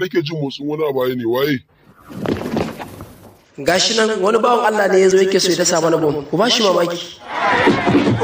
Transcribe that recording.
nake jin motsin wani abu ne waye gashi nan wani bawan Allah ne ya zo yake so ya dasa mana bom ku ba shi mamaki